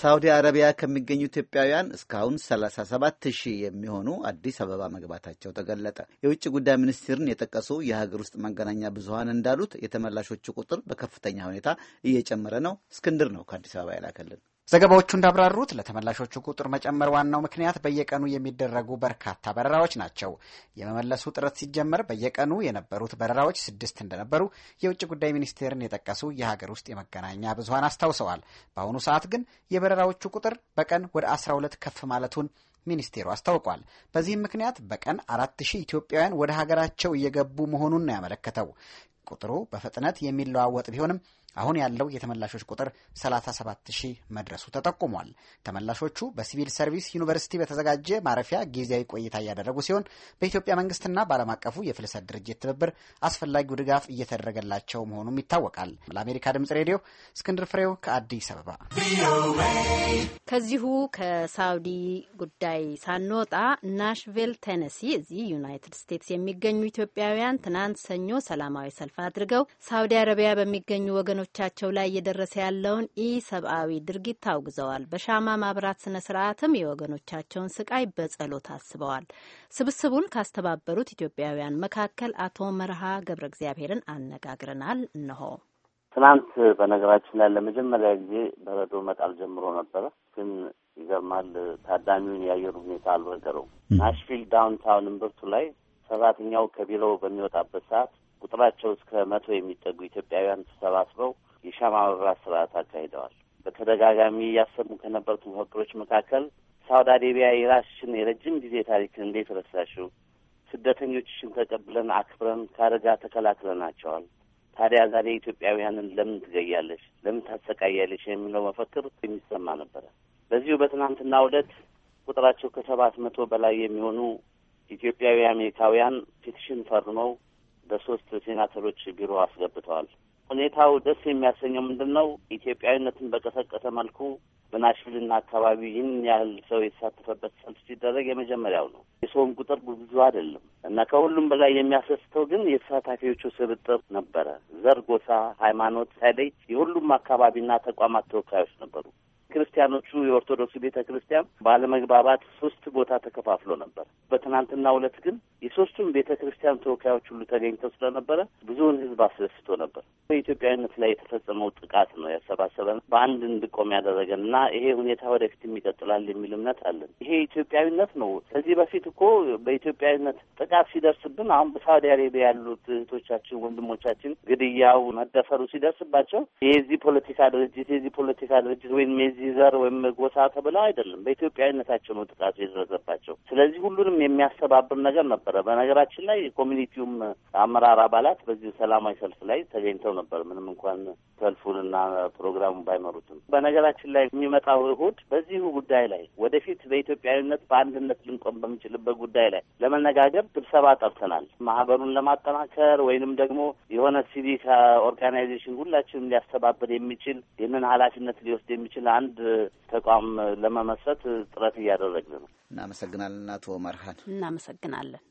ሳውዲ አረቢያ ከሚገኙ ኢትዮጵያውያን እስካሁን 37 ሺህ የሚሆኑ አዲስ አበባ መግባታቸው ተገለጠ። የውጭ ጉዳይ ሚኒስቴርን የጠቀሱ የሀገር ውስጥ መገናኛ ብዙኃን እንዳሉት የተመላሾቹ ቁጥር በከፍተኛ ሁኔታ እየጨመረ ነው። እስክንድር ነው ከአዲስ አበባ ያላከልን። ዘገባዎቹ እንዳብራሩት ለተመላሾቹ ቁጥር መጨመር ዋናው ምክንያት በየቀኑ የሚደረጉ በርካታ በረራዎች ናቸው። የመመለሱ ጥረት ሲጀመር በየቀኑ የነበሩት በረራዎች ስድስት እንደነበሩ የውጭ ጉዳይ ሚኒስቴርን የጠቀሱ የሀገር ውስጥ የመገናኛ ብዙኃን አስታውሰዋል። በአሁኑ ሰዓት ግን የበረራዎቹ ቁጥር በቀን ወደ 12 ከፍ ማለቱን ሚኒስቴሩ አስታውቋል። በዚህም ምክንያት በቀን አራት ሺህ ኢትዮጵያውያን ወደ ሀገራቸው እየገቡ መሆኑን ነው ያመለከተው። ቁጥሩ በፍጥነት የሚለዋወጥ ቢሆንም አሁን ያለው የተመላሾች ቁጥር 37 ሺህ መድረሱ ተጠቁሟል። ተመላሾቹ በሲቪል ሰርቪስ ዩኒቨርሲቲ በተዘጋጀ ማረፊያ ጊዜያዊ ቆይታ እያደረጉ ሲሆን በኢትዮጵያ መንግስትና በዓለም አቀፉ የፍልሰት ድርጅት ትብብር አስፈላጊው ድጋፍ እየተደረገላቸው መሆኑም ይታወቃል። ለአሜሪካ ድምጽ ሬዲዮ እስክንድር ፍሬው ከአዲስ አበባ። ከዚሁ ከሳውዲ ጉዳይ ሳንወጣ ናሽቪል ቴነሲ፣ እዚህ ዩናይትድ ስቴትስ የሚገኙ ኢትዮጵያውያን ትናንት ሰኞ ሰላማዊ ሰልፍ አድርገው ሳውዲ አረቢያ በሚገኙ ወገኖች በተማሪዎቻቸው ላይ እየደረሰ ያለውን ኢሰብአዊ ድርጊት ታውግዘዋል። በሻማ ማብራት ስነ ስርዓትም የወገኖቻቸውን ስቃይ በጸሎት አስበዋል። ስብስቡን ካስተባበሩት ኢትዮጵያውያን መካከል አቶ መርሃ ገብረ እግዚአብሔርን አነጋግረናል። እነሆ። ትናንት በነገራችን ላይ ለመጀመሪያ ጊዜ በረዶ መጣል ጀምሮ ነበረ ግን ይገርማል ታዳሚውን የአየር ሁኔታ አልበገረው። ናሽቪል ዳውንታውን እምብርቱ ላይ ሰራተኛው ከቢሮው በሚወጣበት ሰዓት ቁጥራቸው እስከ መቶ የሚጠጉ ኢትዮጵያውያን ተሰባስበው የሻማ መብራት ስርዓት አካሂደዋል። በተደጋጋሚ እያሰሙ ከነበሩት መፈክሮች መካከል ሳውዲ አረቢያ የራስሽን የረጅም ጊዜ ታሪክን እንዴት ረሳሽው? ስደተኞችሽን ተቀብለን አክብረን ከአደጋ ተከላክለናቸዋል። ታዲያ ዛሬ ኢትዮጵያውያንን ለምን ትገያለሽ? ለምን ታሰቃያለሽ? የሚለው መፈክር የሚሰማ ነበረ። በዚሁ በትናንትና ዕለት ቁጥራቸው ከሰባት መቶ በላይ የሚሆኑ ኢትዮጵያዊ አሜሪካውያን ፔቲሽን ፈርመው በሶስት ሴናተሮች ቢሮ አስገብተዋል። ሁኔታው ደስ የሚያሰኘው ምንድን ነው? ኢትዮጵያዊነትን በቀሰቀሰ መልኩ በናሽቪልና አካባቢ ይህን ያህል ሰው የተሳተፈበት ሰልፍ ሲደረግ የመጀመሪያው ነው። የሰውን ቁጥር ብዙ አይደለም እና ከሁሉም በላይ የሚያስደስተው ግን የተሳታፊዎቹ ስብጥር ነበረ። ዘር፣ ጎሳ፣ ሃይማኖት ሳይለይ የሁሉም አካባቢና ተቋማት ተወካዮች ነበሩ። ክርስቲያኖቹ የኦርቶዶክስ ቤተ ክርስቲያን ባለመግባባት ሶስት ቦታ ተከፋፍሎ ነበር። በትናንትናው ዕለት ግን የሶስቱም ቤተ ክርስቲያን ተወካዮች ሁሉ ተገኝተው ስለነበረ ብዙውን ህዝብ አስደስቶ ነበር። በኢትዮጵያዊነት ላይ የተፈጸመው ጥቃት ነው ያሰባሰበን፣ በአንድ እንድቆም ያደረገን እና ይሄ ሁኔታ ወደፊትም ይቀጥላል የሚል እምነት አለን። ይሄ ኢትዮጵያዊነት ነው። ከዚህ በፊት እኮ በኢትዮጵያዊነት ጥቃት ሲደርስብን አሁን በሳውዲ አሬቢያ ያሉት እህቶቻችን ወንድሞቻችን ግድያው መደፈሩ ሲደርስባቸው የዚህ ፖለቲካ ድርጅት የዚህ ፖለቲካ ድርጅት ወይም የዚህ በዚህ ዘር ወይም ጎሳ ተብለው አይደለም፣ በኢትዮጵያዊነታቸው ነው ጥቃቱ የደረሰባቸው። ስለዚህ ሁሉንም የሚያስተባብር ነገር ነበረ። በነገራችን ላይ የኮሚኒቲውም አመራር አባላት በዚሁ ሰላማዊ ሰልፍ ላይ ተገኝተው ነበር፣ ምንም እንኳን ሰልፉንና ፕሮግራሙን ባይመሩትም። በነገራችን ላይ የሚመጣው እሁድ በዚሁ ጉዳይ ላይ ወደፊት በኢትዮጵያዊነት በአንድነት ልንቆም በምንችልበት ጉዳይ ላይ ለመነጋገር ስብሰባ ጠርተናል። ማህበሩን ለማጠናከር ወይንም ደግሞ የሆነ ሲቪክ ኦርጋናይዜሽን ሁላችንም ሊያስተባብር የሚችል ይህንን ኃላፊነት ሊወስድ የሚችል አንድ አንድ ተቋም ለመመስረት ጥረት እያደረግን ነው። እናመሰግናለን አቶ መርሃን። እናመሰግናለን።